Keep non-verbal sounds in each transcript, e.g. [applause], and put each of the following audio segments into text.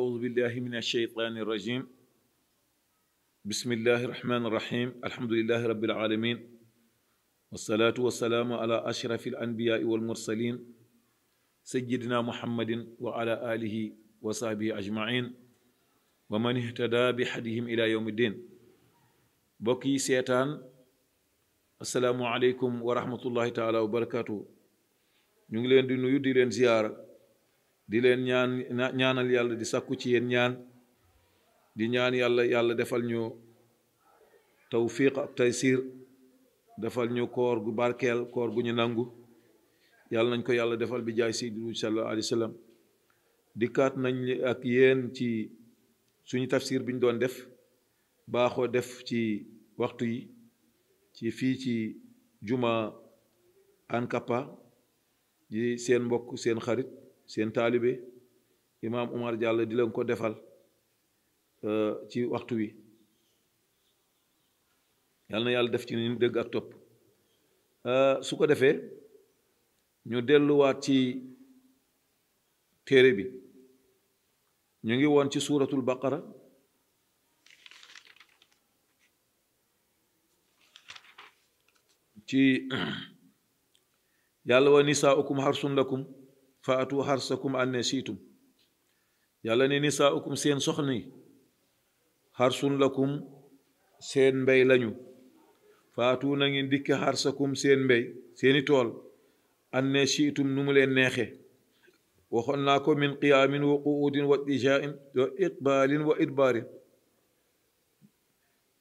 أعوذ بالله من الشيطان الرجيم بسم الله الرحمن الرحيم الحمد لله رب العالمين والصلاة والسلام على أشرف الأنبياء والمرسلين سيدنا محمد وعلى آله وصحبه أجمعين ومن اهتدى بحدهم إلى يوم الدين بقي سيتان السلام عليكم ورحمة الله تعالى وبركاته ñu ngi leen زيارة di leen ñaan ñaanal yàlla di sàkku ci yéen ñaan di ñaan yàlla yàlla defal ñu tawfiq ak taysir defal ñu koor gu barkeel koor gu ñu nangu yàlla nañ ko yàlla defal bi jaay si sallallahu alayhi wa sallam dikkaat nañ ak yéen ci suñu tafsir bi ñu doon def baaxoo def ci waxtu yi ci fii ci juma ankapa di seen mbokk seen xarit seen taalibe imaam Umar Diallo di leen ko defal euh, ci waxtu wi yàlla na yàlla def ci ni dëgg ak topp euh, su ko defee ñu delluwaat ci téere bi ñu ngi woon ci suuratul baqara ci [clears throat] yàlla wa nisaaukum harsun lakum fa atu xarsakum anne yàlla ne nisaaukum seen soxna yi xarsun lakum seen mbéy lañu fa na ngeen dikki xarsakum seen mbéy seeni tool anne siitum nu leen neexe waxoon naa ko min qiyaamin wa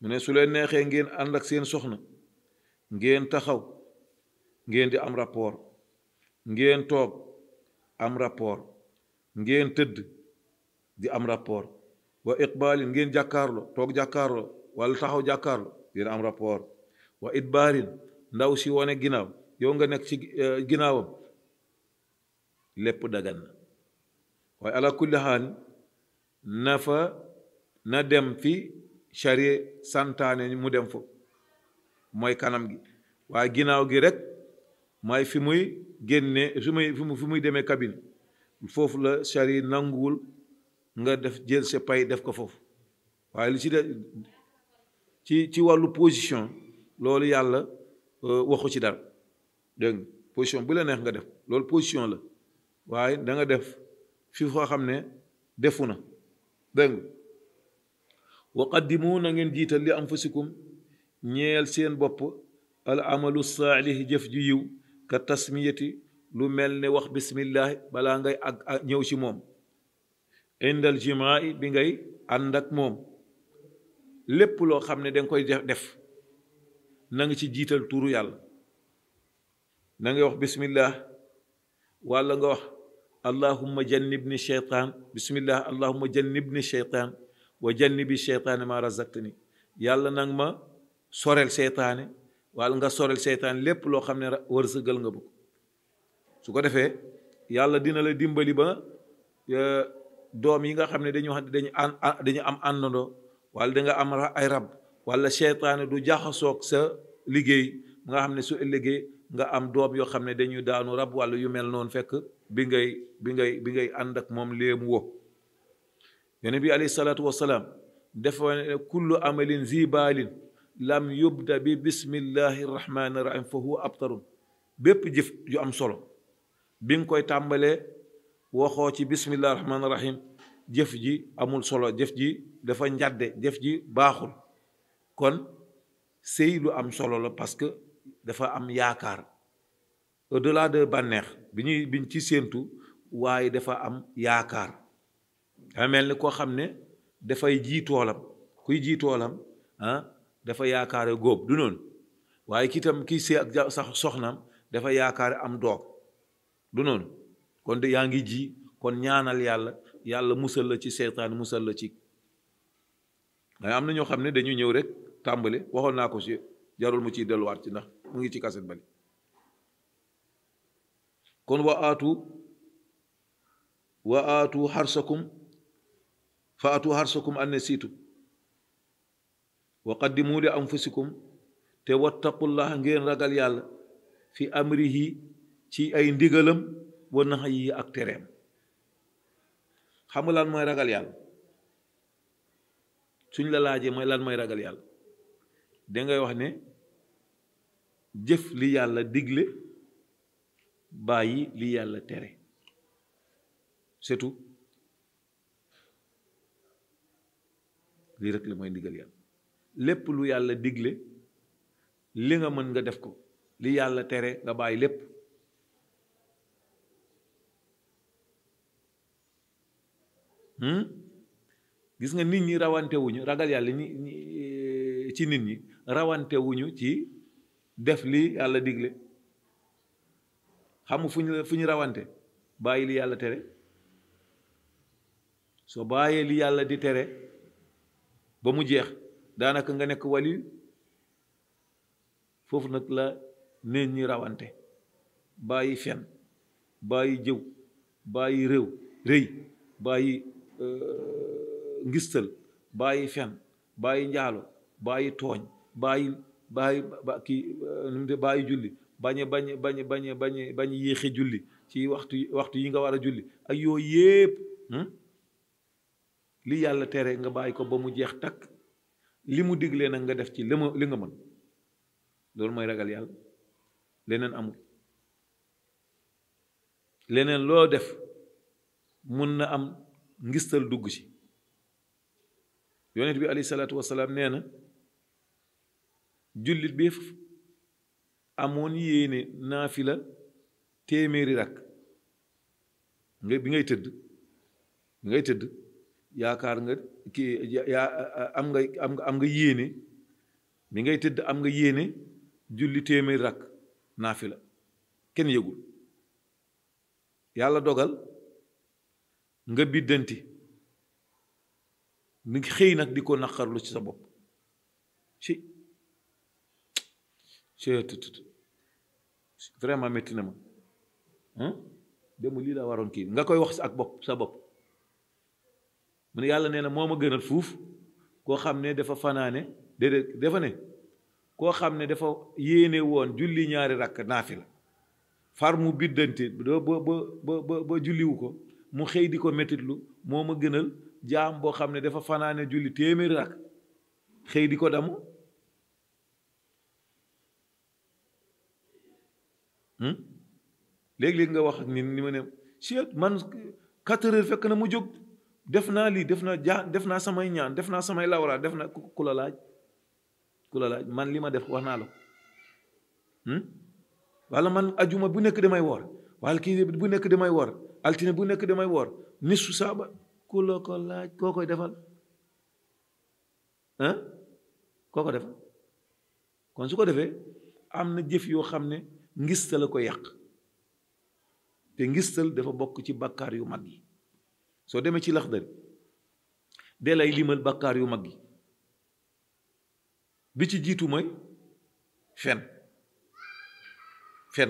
ne su neexee ngeen ànd seen soxna ngeen taxaw ngeen di am rapport ngeen toog am rapport ngeen tëdd di am rapport wa iqbaalin ngeen jàkkaarloo toog jàkkaarloo wala taxaw jàkkaarloo dina am rapport wa idbaarin ndaw si wone ginnaaw yow nga nekk ci eh, ginnaawam lépp dagan na waaye ala kulli xaal na na dem fi charie santaane mu dem fa mooy kanam gi waaye ginnaaw gi rek may fi muy génne fi muy fi muy demee cabine foofu la sari nanguwul nga def jël sa pay def ko foofu waaye li ci de ci ci wàllu position loolu yàlla euh, waxu ci dara dégg position bu la neex nga def loolu position la waaye da nga def fi foo xam ne defu na dégg wa qaddimu na ngeen jiital li anfusikum ñeel seen bopp al amalu saalih jëf ju yiw ka tasmiyati lu mel ni wax bismillahi balaa ngay ak ñëw ci moom indal jimaa bi ngay ànd ak moom lépp loo xam ne danga koy def na nga ci jiital tuuru yàlla na ngay wax bismillah walla nga wax allahumma jannibni sheytaan bismillah allahumma ni sheytaan wa jannibi sheytaane ma razaqtani yàlla nag ma soreel seytaane wal nga sorel seytaan lépp loo xam ne wërsëgal nga bëgg su ko defee yàlla dina la dimbali ba doom yi nga xam ne dañu dañu dañu am àndandoo wala da nga am ay rab wala seytaane du jaxasoog sa liggéey nga xam ne su ëllëgee nga am doom yoo xam ne dañu daanu rab walla yu mel noonu fekk bi ngay bi ngay bi ngay ànd ak moom léemu wo yonent bi alayhi salaatu wasalaam dafa ne kullu amalin zibaalin لم يبدا بسم الله الرحمن الرحيم فهو ابتر بيب جيف يو ام سولو بين كوي تامبالي واخو بسم الله الرحمن الرحيم جيف جي امول سولو جيف جي دا فا نجاد جيف جي باخول كون سيلو ام سولو لا باسكو دا فا ام ياكار او دولا دو بانيه بيني بين تي سينتو واي دا فا ام ياكار دا ملني كو خامني دا فاي جي كوي جي ها آه؟ dafa yaakaare góob du noonu waaye kii tam kii si ak sax soxnaam dafa yaakaare am doom du noonu kon de yaa ngi ji kon ñaanal yàlla yàlla musal la ci seetaan musal la ci waaye am na ñoo xam ne dañu ñëw rek tàmbali waxoon naa ko ci jarul mu ciy delluwaat ci ndax mu ngi ci kaset bali kon wa aatu wa aatu xarsakum fa aatu siitu wa qaddimu am anfusikum te wattaqullaha ngeen ragal yàlla fi amrihi ci ay ndigalam wa nahyihi ak tereem xam nga lan mooy ragal yàlla suñ la laajee mooy lan mooy ragal yàlla dangay wax ne jëf li yàlla digle bàyyi li yàlla tere c'est tout lii rek la mooy ndigal yàlla lépp lu yàlla digle li nga mën nga def ko li yàlla tere nga bàyyi lépp hmm? gis nga nit ñi rawantewuñu ragal yàlla ñi eh, ci nit ñi rawantewuñu ci def li yàlla digle xam fu ñu fu ñu rawante bàyyi li yàlla tere soo bàyyee li yàlla di tere ba mu jeex daanaka nga nekk waliyu foofu nag la neen ñi rawante bàyyi fen bàyyi jëw bàyyi réew rëy bàyyi euh, ngistal bàyyi fen bàyyi njaalo bàyyi tooñ bàyyi bàyyi kii bàyyi julli bañe bañe bañe bañe bañe bañe yéexe julli ci waxtu waxtu yi nga war a julli ak yooyu yépp hmm? li yàlla tere nga bàyyi ko ba mu jeex takk li mu diglee nag nga def ci li ma li nga mën loolu mooy ragal yàlla leneen amul leneen loo def mun na am ngistal dugg ci yonent bi alayhi salaatu wasalaam nee na jullit bi amoon yéene naafila téeméeri rakk bi ngay tëdd bi ngay tëdd yaakaar nga kii yaa am nga am nga am nga yéene mi ngay tëdd am nga yéene julli téeméer rakk la kenn yëgul yàlla dogal nga biddanti ni xëy nag di ko naqarlu ci sa bopp si vraiment métti na ma dem lii laa waroon kii nga koy wax ak bopp sa bopp mu ne yàlla nee na moo ma gënal fuuf koo xam ne dafa fanaane déedéet dafa ne koo xam ne dafa yéene woon julli ñaari rakk la far mu biddante ba ba ba julliwu ko mu xëy di ko métitlu moo ma gënal jaam boo xam ne dafa fanaane julli téeméeri rakk xëy di ko damu hmm? léegi-léegi nga wax ak nit ma ne si man quatre fekk na mu jóg def naa lii def naa jaan def naa samay ñaan def naa samay lawra def naa ku la laaj ku laaj man li ma def wax naa la hmm? walla man ajuma bu nekk damay wor wala kii bu nekk damay woor altine bu nekk damay woor nisu saaba ku la ko laaj koo koy defal koo ko defal kon su ko defee am na jëf yoo xam ne ngistal la ko yàq te ngistal dafa bokk ci bakkaar yu mag yi soo demee ci laxdari dee lay limal bàkkaar yu mag gi bi ci jiitu mooy fen fen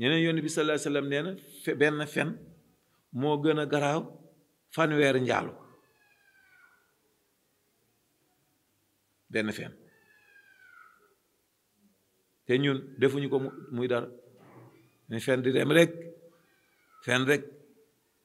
ñeneen yoon bi sallallahu alayhi wasallam nee benn fen moo gën a garaaw fanweer njaalu benn fen te ñun defuñu ko muy dara ne fen di dem rek fen rek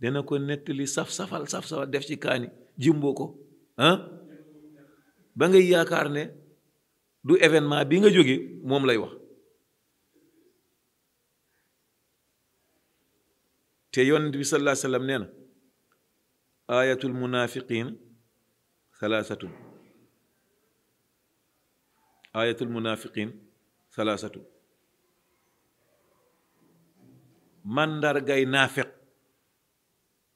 dana ko nettali saf-safal saf-safal def ci kaani jimboo ko ba ngay yaakaar ne du événement bi nga jóge moom lay wax te yonent bi sallallahu alayhi wa sallam nee na ayatul munafiqin salaasatun ayatul munafiqin salaasatun mandargay naafeq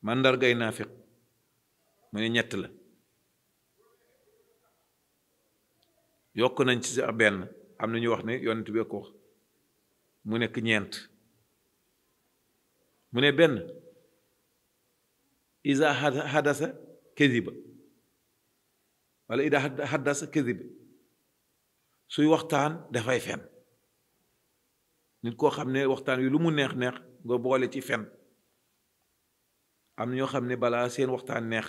màndargay naafiq mu ne ñett la yokk nañ ci sa benn am na ñu wax ne yonent bi ko wax mu nekk ñeent mu ne benn isa hadasa kéziba wala ida hadasa kéziba suy waxtaan dafay fen nit koo xam ne waxtaan wi lu mu neex neex nga boole ci fen am ñoo xam ne balaa seen waxtaan neex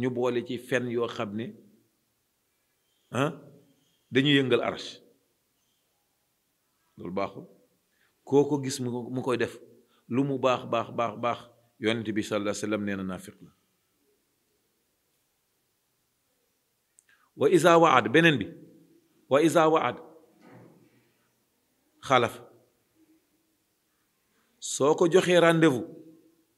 ñu boole ci fenn yoo xam ne ah dañuy yëngal arash loolu baaxul koo ko gis mu koy def lu mu baax baax baax baax yonent bi sallallahu alayhi wasallam nee na naafiq la wa isa waad beneen bi wa isa waad xalaf soo ko joxee rendez-vous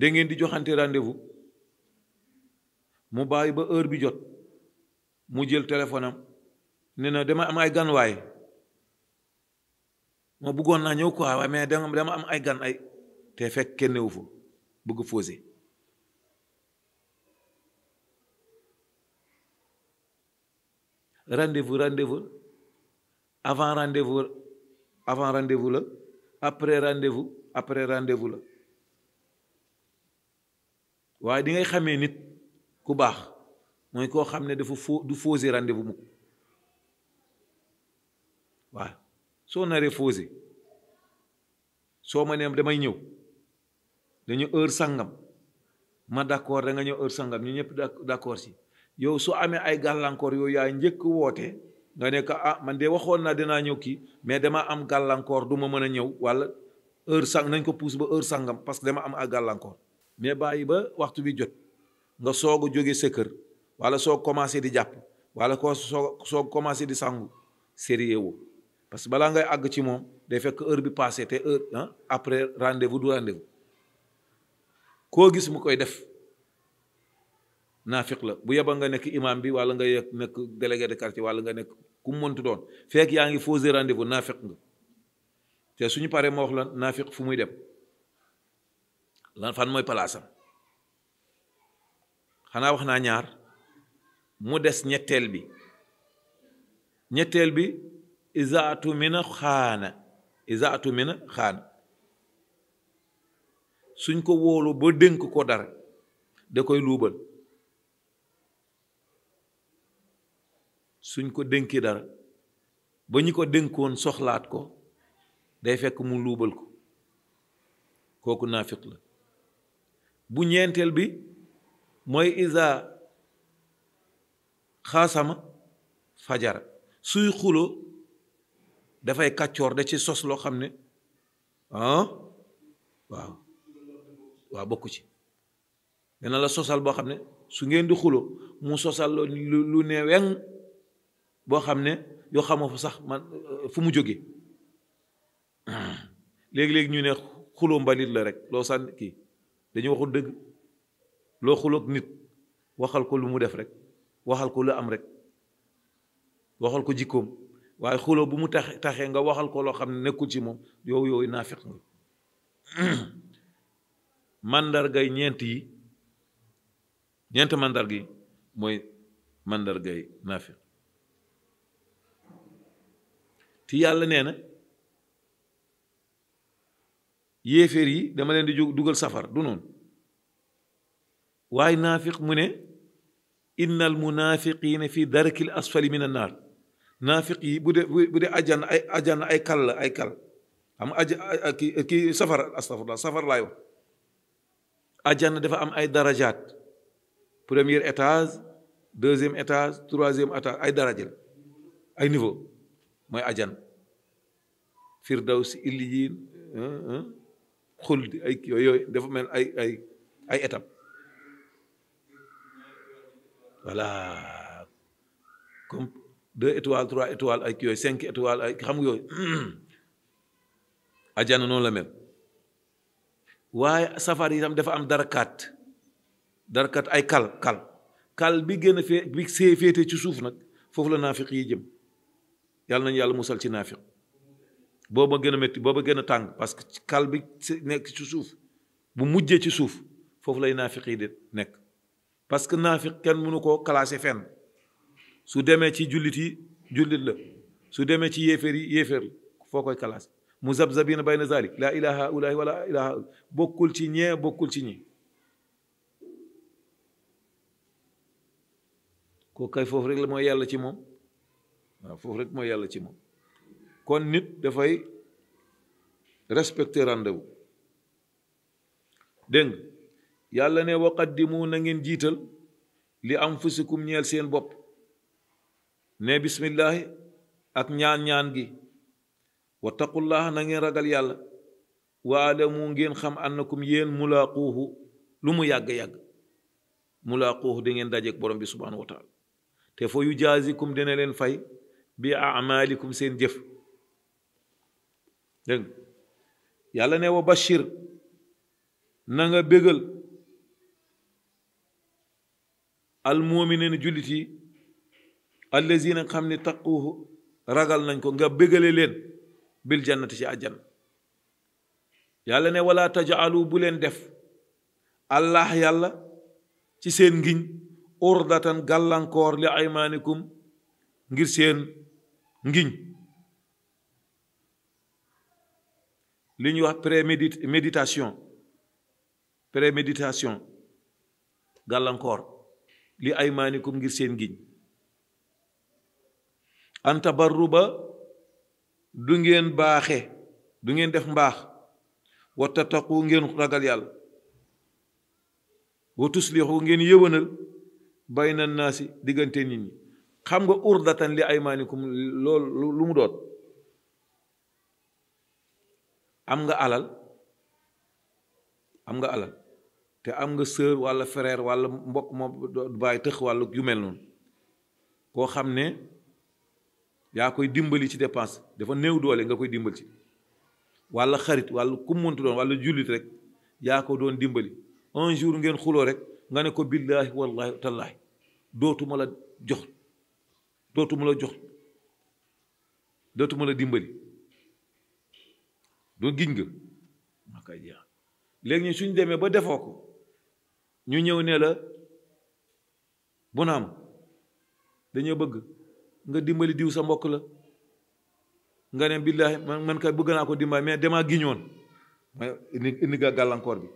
da di joxante rendez mu bàyyi ba heure bi jot mu jël téléphone ne na dama am ay gan waay ma bëggoon naa ñëw quoi mais dama am ay gan ay te fekk kenn wu fa bëgg fausé rendez-vous rendez-vous avant rendez avant rendez-vous la après rendez après rendez la waaye di ngay xamee nit ku baax mooy koo xam ne dafa fo du fausser rendez bu mukk waaw soo naree fausser soo ma nee damay ñëw dañu heure sangam ma d'accord da nga ñëw heure sangam ñu ñëpp d'accord si yow su amee ay gàllankoor yow yaay njëkk woote nga ne ko ah man de waxoon naa dinaa ñëw kii mais dama am gàllankoor duma mën a ñëw walla heure sang nañ ko pousse ba heure sangam parce que dama am ay gàllankoor mais bàyyi ba waxtu bi jot nga soog a jóge sa kër wala soo commencé di jàpp walla ko soo soo commencé di sangu sérieux wu parce que balaa ngay àgg ci moom day fekk heure bi passé te heure ah après rendez-vous du rendez koo gis mu koy def naafiq la bu yeba nga nekk imam bi wala nga nekk délégué de quartier wala nga nekk ku mu doon fekk yaa ngi fausse rendez-vous naafiq nga te suñu paree moo wax la naafiq fu muy dem lan fan mooy palaasam xanaa wax naa ñaar mu des ñetteel bi ñetteel bi isaatu mina xaana isaatu mina xaana suñ ko wóolu ba dénk ko dara da koy luubal suñ ko dénki dara ba ñu ko dénkoon soxlaat ko day fekk mu luubal ko kooku naafiq la bu ñeenteel bi mooy isa xaasama fajara suy xulo dafay kàccoor da ci sos loo xam ne ah waaw waaw ci dana la sosal boo xam ne su ngeen di xulo mu sosal lu ne weŋ boo xam ne yoo xamoo fa sax man fu mu jógee [clears throat] léegi-léegi ñu ne xulo mbalit la rek loo sànni kii dañu waxul dëgg loo xuloog nit waxal ko lu mu def rek waxal ko lu am rek waxal ko jikkoom waaye xuloo bu mu tax taxee nga waxal ko loo xam ne nekkul ci moom yow yooyu naafiq nga [clears throat] màndargay ñeent yi ñeent màndarga yi mooy màndargay naafiq ti yàlla nee na yéeféer yi dama leen di dugal safar du noonu waaye naafiq mu ne inna al munafiqina fi darkil asfali min an naar naafiq yi bu dee bu dee ajjana ay ajjana ay kal la ay kal am aj kii safar astafurlah safar laay wax ajjana dafa am ay darajaat premier étage deuxième étage troisième étage ay daraja la ay niveau mooy ajjana firdaws illiyin xul di ay yooyu dafa mel ay ay ay étape voilà comme deux étoiles trois étoiles ay yooyu cinq étoiles ay xam nga yooyu ajana noonu la mel waaye safar itam dafa am darakaat darakaat ay kal kal kal bi gën a fee bi see féete ci suuf nag foofu la naafiq yi jëm yàlla nañu yàlla musal ci naafiq booba gën a booba gën a tàng parce que kal bi nekk ci suuf bu mujjee ci suuf foofu lay naafiq yi di nekk parce que naafiq kenn mënu koo classé fenn su demee ci jullit yi jullit la su demee ci yéeféer yi yéeféer la foo koy classé mu zabzabina bayna zalik laa ilaha ulaahi wala ilaha bokkul ci ñee bokkul ci ñi koo foofu rek la mooy yàlla ci moom waaw foofu rek mooy yàlla ci moom kon nit dafay respecter rendez-vous yàlla ne waqaddimu na ngeen jiital li anfusikum ñeel seen bopp ne bismillahi ak ñaan-ñaan gi wattaqullaha na ngeen ragal yàlla mu ngeen xam annakum yéen mulaaquuhu lu mu yàgg-yàgg mulaaquuhu da ngeen dajeek borom bi subhanahu wa te fa yu jaasikum dina leen fay bi amalikum seen jëf yàlla ne wa bashir na nga bégal almumineen jullit yi allazina xam ni taquhu ragal nañ ko nga bégale leen bil jannati ci àjjan yàlla ne wala tajaalu bu leen def allah yàlla ci seen ngiñ urdatan gàllankoor li aymaanikum ngir seen ngiñ li ñuy wax prémédit méditation préméditation gàllankoor li ay maanikum ngir seen giñ antabarru ba du ngeen baaxe du ngeen def mbaax wa tattaqu ngeen ragal yàlla wa tuslixu ngeen yëwanal bayna naasi diggante nit xam nga urdatan li ay maanikum loolu lu mu doon am nga alal am nga alal te am nga sœur walla frère walla mbokk moo bàyyi tëx walla yu mel noonu koo xam ne yaa koy dimbali ci dépense dafa néew doole nga koy dimbali ci walla xarit walla ku mu mënti doon walla jullit rek yaa ko doon dimbali un jour ngeen xuloo rek nga ne ko billaahi wallaahi tallaahi dootuma la jox dootuma la jox dootuma la dimbali doo giñ ga ma koy léegi ñu suñ demee ba defoo ko ñu ñëw nee la bu naam dañoo bëgg nga dimbali diw sa mbokk la nga ne billaahi man man kay bëgg naa ko dimbali mais demaa giñoon mooy indi nga gàllankoor bi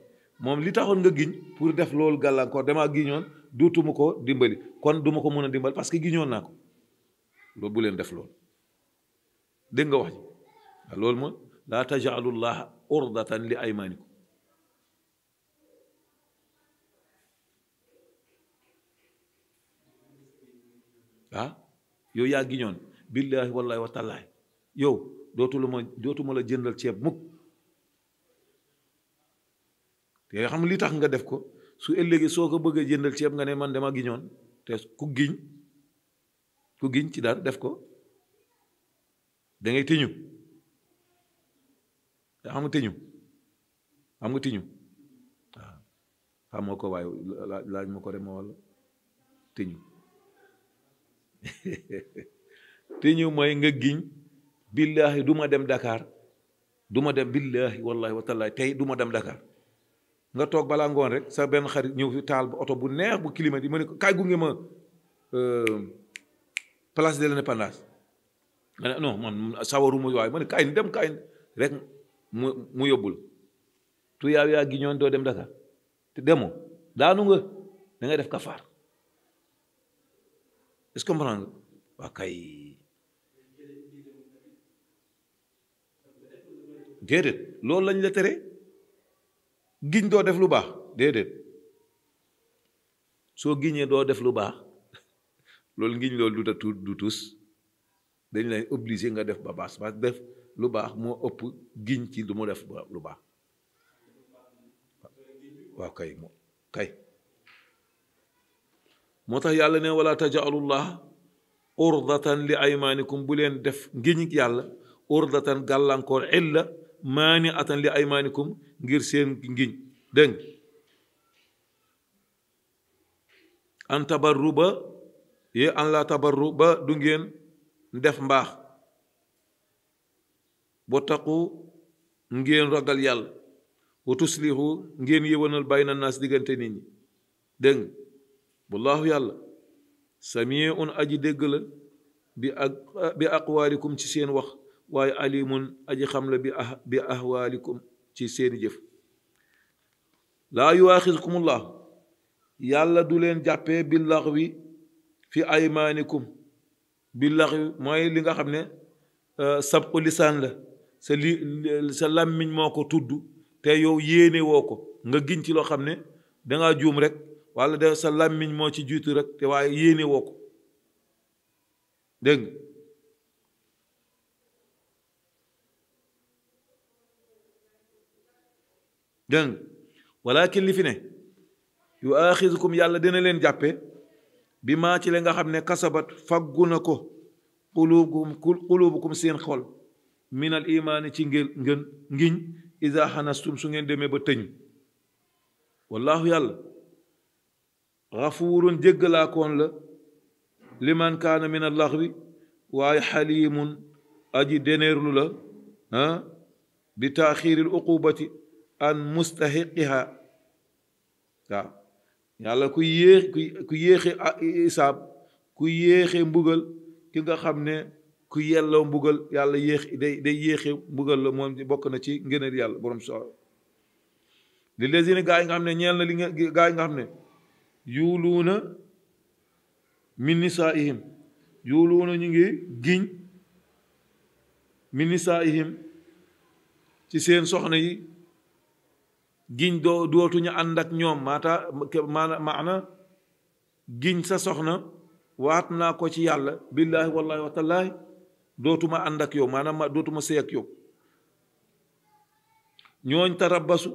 moom li taxoon nga giñ pour def loolu gàllankoor damaa giñoon duutuma ko dimbali kon duma ko mën a dimbali parce que giñoon naa ko loolu bu leen def loolu dégg nga wax ji loolu mooy laa tajaalullaha urdatan li aymanikum ah yow yaa giñoon billaahi wallaahi wa tallaahi yow dootula ma dootuma la jëndal ceeb mukk te nga xam li tax nga def ko su ëllëgee soo ko bëggee jëndal ceeb nga ne man dama giñoon te ku giñ ku giñ ci daal def ko da tiñu te xam nga tëñu xam nga tëñu waaw xam moo ko waaye laaj ma ko rek ma wala tëñu [laughs] tëñu mooy nga giñ billaahi du ma dem dakaar duma dem billaahi wallaahi wa tey du dem Dakar nga toog balaa ngoon rek sa benn xarit ñëw fi taal ba oto bu neex bu climat yi ma ne ko kaay gunge ma euh, place de l'indépendance nga ne non man sawaruma waaye ma ne kaay dem kaay rek mu mu yóbbul tu yaaw yaa gi ñoon doo dem Dakar te demoo daanu nga da def kafaar est-ce que comprendre waa kay déedéet loolu lañ la tere giñ doo def lu baax déedéet soo giñee doo def lu baax [laughs] loolu ngiñ loolu du ta du tus dañ lay obligé nga def ba baas ba def lu baax moo ëpp giñ ci lu mu def lu baax waaw kay moo kay moo tax yàlla ne wala tajaalullah urdatan li aymaanikum bu leen def ngiñik yàlla urdatan gàllankoor illa maani atan li aymaanikum ngir seen ngiñ dégg an tabarru ba yee an la tabarru ba du ngeen def mbaax wattaqu ngeen ragal yàlla wa tuslihu ngeen yëwanal bayna naas diggante nit ñi dégg nga wallaahu yàlla samiun aji dégg la bi ak bi aqwaalikum ci seen wax waaye alimun aji xam la bi ah bi ahwaalikum ci seen jëf laa yuwaaxiskumullah yàlla du leen jàppee billax wi fi aymaanikum billax wi mooy li nga xam ne euh, sabqu lisaan la sa li sa làmmiñ moo ko tudd te yow yéene ko nga giñ ci loo xam ne dangaa juum rek wala de sa làmmiñ moo ci jiitu rek te waaye yéene ko dégg nga dégg kilifine walakin li fi ne yàlla dina leen jàppe bi maa ci la nga xam ne kasabat faggu na ko qulubukum qulubukum seen xol minal imaani ci ngeen ngeen ngiñ isa xanastum su ngeen demee ba tëñ wallaahu yàlla xafuurun jéggalaakoon la liman kaana min allaxwi waaye xaliimun aji deneerlu la ah bi taaxiiril uqubati an mustaxiqiha waaw yàlla ku yéex ku yéexe ah, isaab ku yéexe mbugal ki nga xam ne ku yelloo mbugal yàlla yéex day day yéexe mbugal la moom bokk na ci ngëneel yàlla boroom so li lesine gaa yi nga xam ne ñeel na li nga gaa yi nga xam ne yuuluuna min nisaihim na ñu ngi giñ min nisaihim ci seen soxna yi giñ doo dootuñu ànd ak ñoom maata maana giñ sa soxna waat naa ko ci yàlla billaahi wallaahi wa dootuma ànd ak yow maanaam ma dootuma sëy ak yow ñooñ tarabasu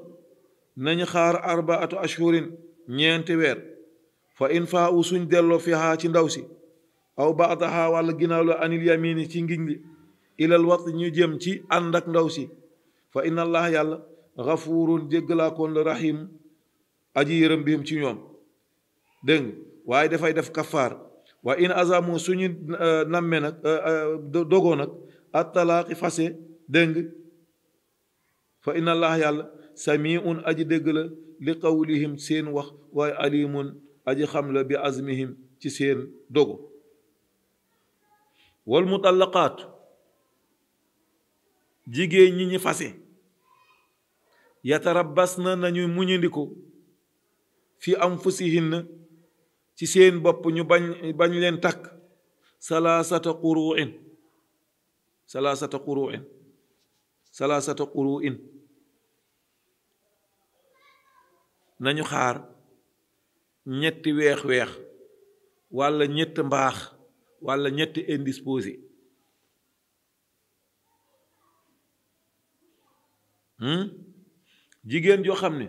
nañu xaar arbaatu ashhurin ñeenti weer fa in faa u suñ delloo fiha ci ndaw si aw baadaha wàlla ginnaaw la anil yamini ci ngiñ li ilal wat ñu jëm ci ànd ak ndaw si fa inna allah yàlla xafuurun jéggalaakoon la rahim aji yërëm bihim ci ñoom dégg waaye dafay def kafaar waa in azamu suñu euh, nammee nag euh, euh, dogoo nag attalaaqi fase dëng fa inna allah yàlla samiun aji dégg la li qawlihim seen wax waaye alimun aji xam la bi azmihim ci seen dogo wal mutallaqaat jigéen ñi ñi fase yatarabbas na nañu muñandiko fi anfusihinna ci seen bopp ñu bañ bañ leen tak salaasata quruin salaasata quruin salaasata quruin nañu xaar ñetti weex weex wala ñett mbaax wala ñett indisposé hmm? jigen joo xamne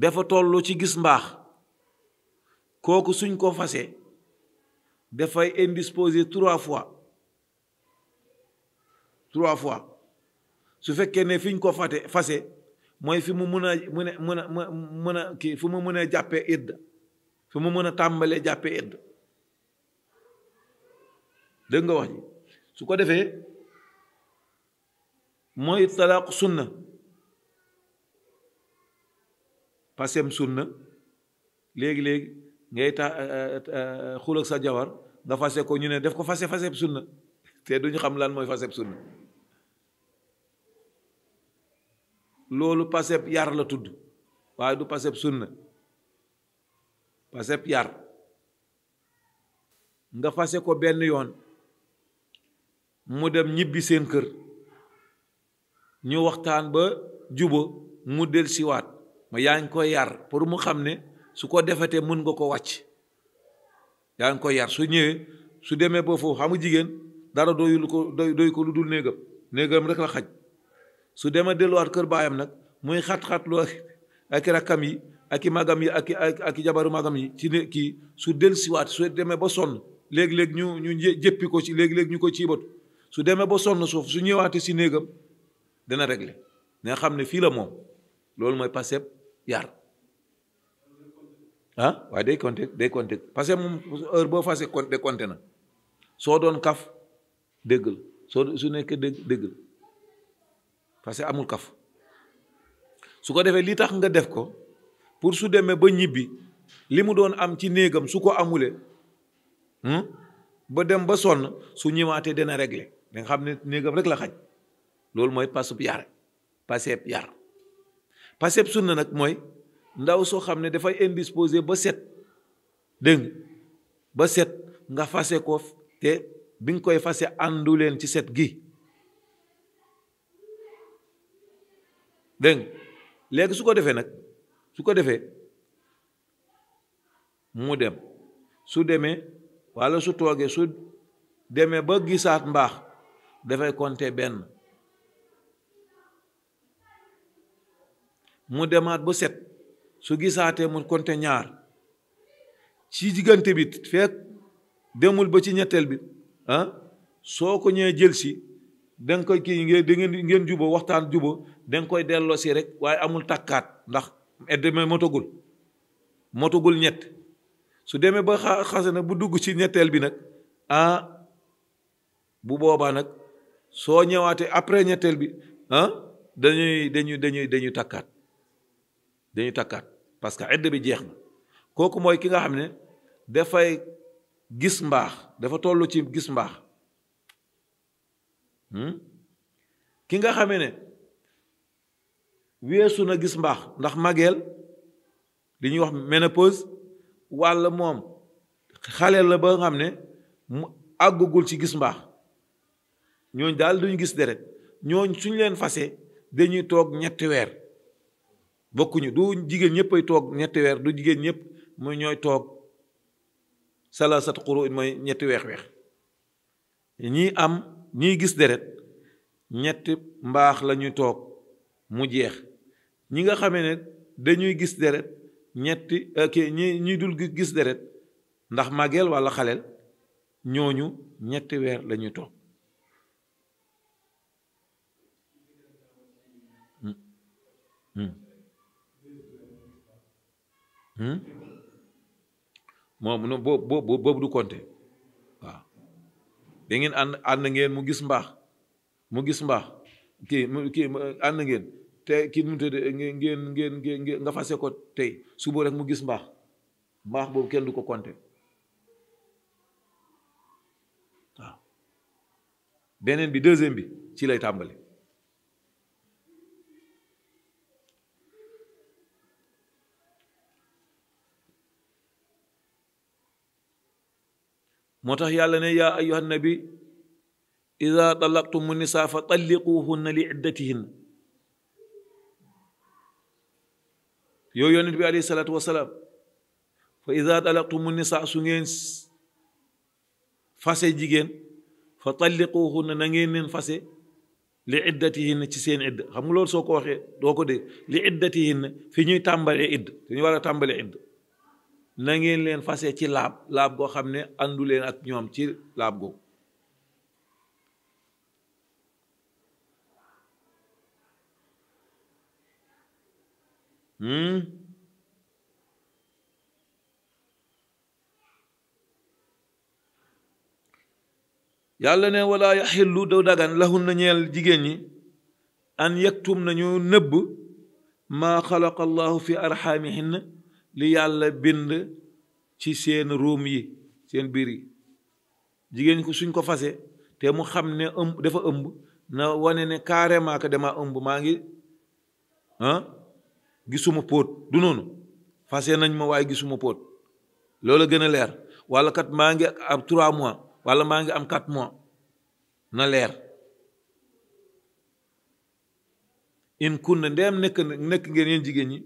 dafa tollu ci gis mbaax kooku suñ ko da fay indisposer trois fois trois fois su fekkee né fiñ ko faté fase moy fi mu mën a mën a mën a mën a kii fi mu mën a jàppee idd mu mën a tàmbalee jàppee idd nga wax ji su ko défé moy talaq sunna passé sunna légui légui ngay ta eh, eh, eh, xul ak sa jabar nga fase ko ñu ne def ko fase faseb sunna te ñu xam lan mooy faseb sunna loolu paseb yar la tudd waaye du paseb sunna paseb yar nga fase ko benn yoon mu dem ñibbi seen kër ñu waxtaan ba jubo mu del siwaat ma yaa ngi koy yar pour mu xam ne su ko defatee mën nga ko wàcc yaa ngi ko yar su ñëwee su demee ba foofu xamu jigéen dara doyul ko doy ko lu dul néegam néegam rek la xaj su demee delluwaat kër baayam nag muy xat-xatloo ak i yi ak i magam yi ak ak i jabaru magam yi ci ne kii su dellusiwaat su demee ba sonn léeg-léeg ñu ñu jéppi ko ci léeg-léeg ñu ko ciibatu su demee ba sonn suuf su ñëwaatee si néegam dana réglé dina xam ne fii la moom loolu mooy passé yar ah waaye day conté day compté parce que moom heure boo fasee compté compté na soo doon kaf dégg la soo su nekkee dégg dégg la parce que amul kaf su ko defee li tax nga def ko pour su demee ba ñibbi li mu doon am ci néegam su ko amulee hmm, ba dem ba sonn su ñëwaatee dana réglé da xam ne néegam rek la xaj loolu mooy pasub yar paseb yar paseb sunna nag mooy ndaw soo xam ne dafay indisposé ba set dégg ba set nga fase ko te bi nga koy fase àndu leen ci set gi dégg léegi su ko defee nag su ko defee mu dem su demee walla su toogee su demee ba gisaat mbaax dafay compter benn mu demaat ba set su gisaatee mun konte ñaar ci diggante bi fekk demul ba ci ñetteel bi ah, soo ko ñëwee jël si da nga koy kii ngeen ngeen juboo waxtaan juboo da koy delloo si rek waaye amul takkaat ndax eddeme motogul motogul ñett su demee ba xase na bu dugg ci ñetteel bi nag ah, bu boobaa nag soo ñëwaatee après ñetteel bi ah, dañuy dañuy dañuy dañuy takkaat dañuy takkaat parce que edd bi jeex na kooku mooy ki nga xam ne dafay gis mbaax dafa toll ci gis mbaax hmm? ki nga xamee ne weesu na gis mbaax ndax mageel li ñuy wax ménopause wàll moom xaleel la ba xam ne mu àggagul ci gis mbaax ñooñ daal duñu gis deret ñooñ suñ leen fase dañuy toog ñetti weer bokkuñu du jigéen ñëpp ay toog ñetti weer du jigéen ñépp mooy ñooy toog salaasat quruun mooy ñetti weex weex ñii am ñii gis deret ñetti mbaax lañuy toog mu jeex ñi nga xame ne dañuy gis deret ñetti euh, ñi ñi dul gis deret ndax màggeel walla xaleel ñooñu ñetti weer lañuy toog hmm. Hmm. Hmm? moom no boobu boobu du compter waaw da ngeen ànd ànd ngeen mu gis mbaax mu gis mbaax kii kii ànd ngeen te kii nu mu tëdd ngeen ngeen ngeen nga fase ko tey suba rek mu gis mbaax mbaax boobu kenn du ko compter waaw beneen bi deuxième bi ci lay tàmbali موتاه يا يا ايها النبي اذا طلقتم النساء فطلقوهن لعدتهن يو يو النبي عليه الصلاه والسلام فاذا طلقتم النساء سنين فاسي جيجين فطلقوهن نانين فاسي لعدتهن تي سين عد خمو لول سوكو واخي دوكو دي لعدتهن في ني تامبالي عد ني ورا تامبالي عد nangeen leen fase ci laab laab goo xam ne ànduleen ak ñoom ci laab googu hmm? yàlla ne wala yaxillu daw dagan lahun na ñeel jigéen ñi an yaktum nañu nëbb maa xalaqa allahu fi arxaamihinna li yàlla bind ci seen ruum yi seen biir yi jigéen ko suñ ko fase te mu xam ne ëmb dafa ëmb na wane ne carrément que dama ëmb maa ngi ah, gisuma póot du noonu fase nañ ma waaye gisuma póot loolu gën a leer wala kat maa ngi am trois mois wala maa ngi am quatre mois na leer in kunna ndeem nekk nekk ngeen yéen jigéen ñi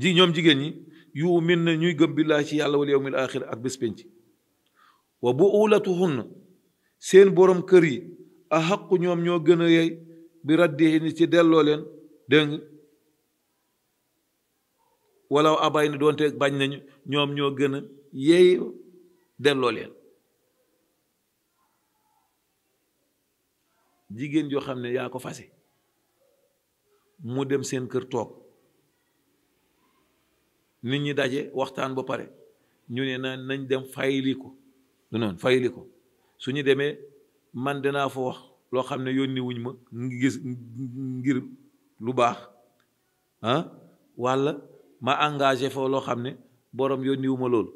ji ñoom jigéen ñi yu min na ñuy gëm billaahi ci yàlla wal yawmil axir ak bés penc wa bu ulatuhunna seen boroom kër yi a xaqu ñoom ñoo gën a yey bi raddihi ci delloo leen dégg nga wala ni doonte bañ nañu ñoom ñoo gën a yey delloo leen jigéen joo xam ne yaa ko fase mu dem seen kër toog nit ñi daje waxtaan ba pare ñu ne na nañ dem fayli ko du noonu fayli ko su ñu demee man danaa fa wax loo xam ne yónni wuñ ma gis ngir lu baax ah walla ma engage fa loo xam ne boroom yónni wu ma loolu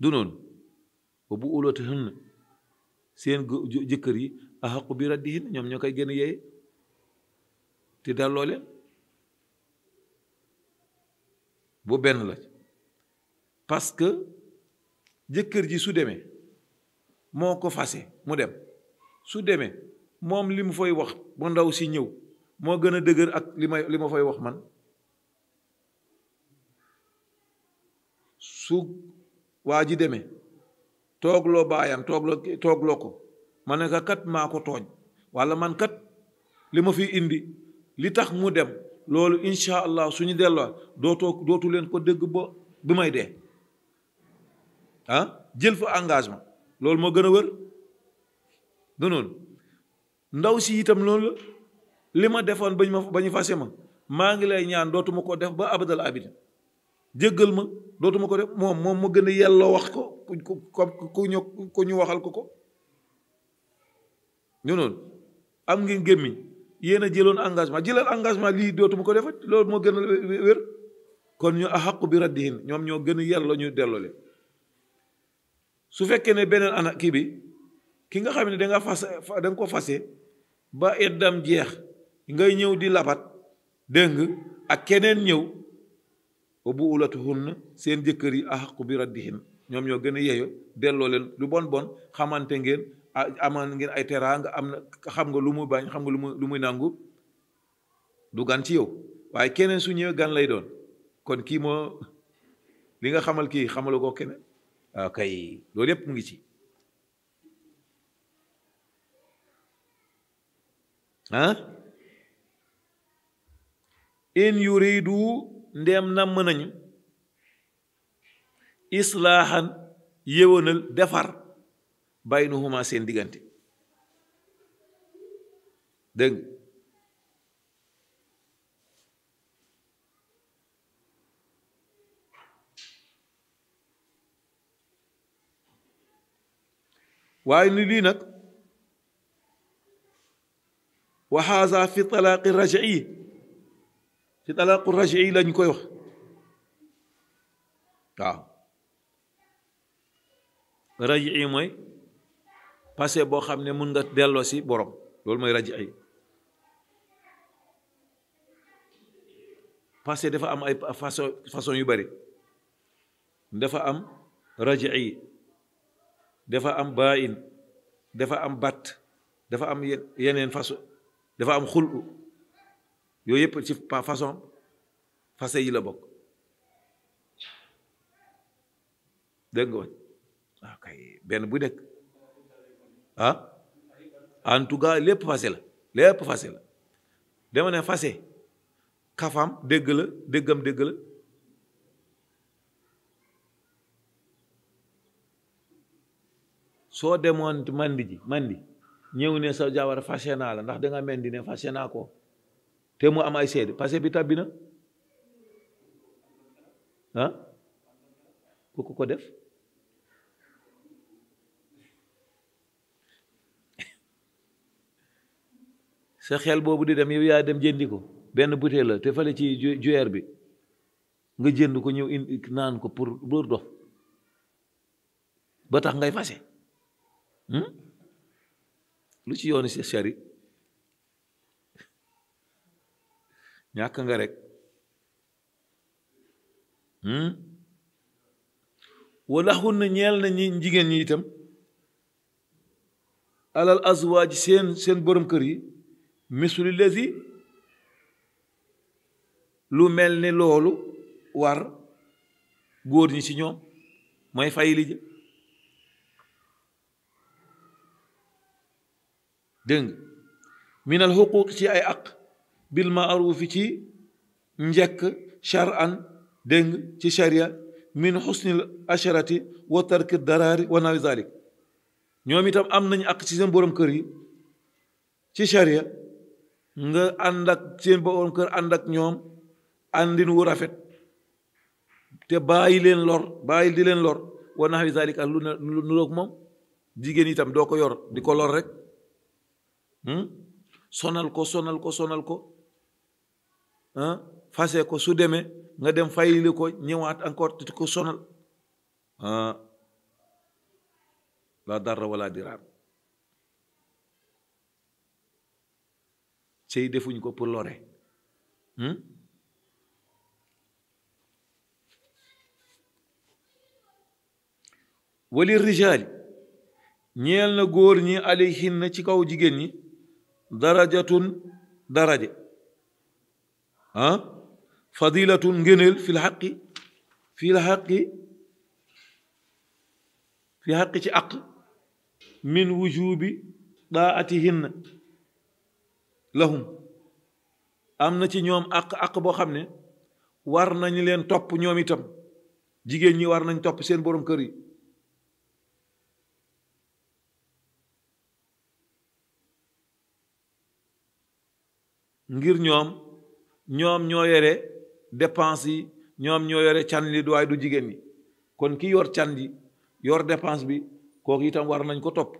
du noonu ba bu ulóote xën na seen jëkkër yi axaqu bi raddi hin ñoom ñoo koy gën a yeye te dalloo leen bu benn la parce que jëkkër ji su demee moo ko fase mu dem su demee moom li mu fay wax ba ndaw si ñëw moo gën a dëgër ak li may li ma fay wax man su waa ji demee toogloo baayam toogloo toogloo ko ma ne ka maa ko tooñ walla man kat li ma fi indi li tax mu dem loolu incha allah suñu delluwaat dootoo dootu leen ko dégg bo bi may dee ah jël fa engagement loolu moo gën a wër noonu ndaw si itam loolu li ma defoon ba ñu ma ba ma maa ngi lay ñaan dootuma ko def ba abadal abida jëggal ma dootuma ko def moom moom ma gën a yelloo wax ko ku ñu ku ñu waxal ko ko du noonu am ngeen gémmiñ yéen a jëloon engagement jëlal engagement lii dootuma ko defat loolu moo gën a wér kon ñu axaqu bi ñoom ñoo gën a yàlla ñu delloo su fekkee ne beneen ana kii bi ki nga xam ne danga fas da nga ko fase ba eddam jeex ngay ñëw di labat dëng ak keneen ñëw ba seen jëkkër yi axaqu bi raddihin ñoom ñoo gën a yeeyo delloo leen lu bon bon xamante ngeen amaan ngeen ay teraanga am xam nga lu muy bañ xam nga lu muy nangu du gan ci yow waaye keneen su ñëwee gan lay doon kon kii moo li nga xamal kii xamala koo keneen waaw ah, kay yépp mu ngi ci ah in yuridu ndeem namm nañu islaaxan yéwénal defar بينهما سين ديغانتي دغ واي نيلي نك وهذا في طلاق الرجعي في طلاق الرجعي لا نكوي واخ آه. رجعي موي passé bo xamné mën nga delloo si borom loolu moy raji'i passé dafa am ay façon façon yu bari dafa am raji dafa am bain. dafa am bat dafa am yenen façon dafa am khul yoyep ci pa façon fase yi la bok dégg nga waaw kay bu ah en tout cas lépp fase la lépp fase la dama ne fase kafaam dégg la déggam dégg la soo demoon mandi ji mandi ñëw ne sa jaawar fase naa la ndax danga mel di ne fase naa ko te mu am ay seede fase bi tàbbi na ah ku ko ko def sa xel boobu di dem yow yaa dem jëndi ko benn butéel la te fale ci juyeer bi nga jënd ko ñëw indi naan ko pour loolu dof ba tax ngay fase hmm? lu ci yooni si sari ñàkk nga rek hmm? wala xun na ñeel na ñi jigéen ñi itam alal azwaaj seen seen borom kër yi mislu lazi lu mel ni loolu war góor ñi ci ñoom mooy fay li jë dëng min al ci ay aq bil maaruufi ci njëkk charan dëng ci sharia min xusnil asharati wa tarki daraari wa nawi zalik ñoom itam am nañu aq ci seen borom kër yi ci sharia nga ànd ak seen borom kër ànd ak ñoom àndin wu rafet te bàyyi leen lor bàyyi di leen lor wa naxwi zalik ak lu nuroog moom jigéen itam doo ko yor di ko lor rek hmm? sonal ko sonal ko sonal ko fase ko su demee nga dem fayli ko ñëwaat encore te ko sonal la dara wala diraam sëy defuñ ko pour lore hmm? wali rijaali ñeel na góor ñi alayhinna ci kaw jigéen ñi darajatun daraje ah fadilatun ngéneel fi lxaqi fi lxaqi fi xaqi ci aq min wujubi daatihinna lahum am na ci ñoom àq àq boo xam ne war nañu leen topp ñoom itam jigéen ñi war nañ topp seen boroom kër yi ngir ñoom ñoom ñoo yore dépense yi ñoom ñoo yore can li waaye du jigéen ñi kon ki yor can ji yor dépense bi kooku itam war nañ ko topp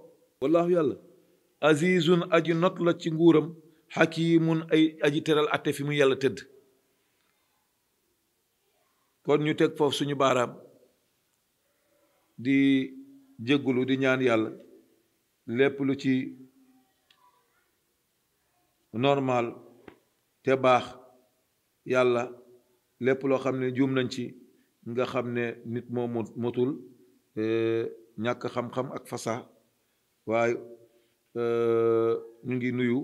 wallaahu yàlla azizun aji not la ci nguuram xakiimun ay aji tëral atte fi mu yàlla tëdd kon ñu teg foofu suñu baaraam di jéggulu di ñaan yàlla lépp lu ci normal te baax yàlla lépp loo xam ne juum nañ ci nga xam ne nit moo motul eh, ñàkk xam-xam ak fasaa waaye eh, ñu ngi nuyu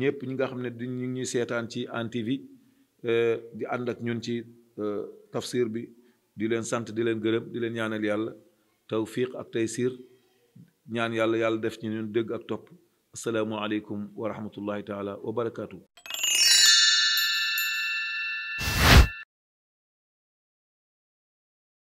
ñëpp ñi nga xamne di ñu ngi seetaan ci Hann TV di ànd ak ñun ci tafsir bi di len sante di len gëreem di len ñaanal yàlla tawfiq ak taysir ñaan yàlla yàlla def ci ñun deug ak top assalamu alaykum wa rahmatullahi taala wa barakatuh